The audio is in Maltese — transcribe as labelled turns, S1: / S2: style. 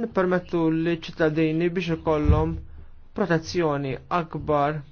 S1: nippermettu li ċittadini biex ikollhom protezzjoni akbar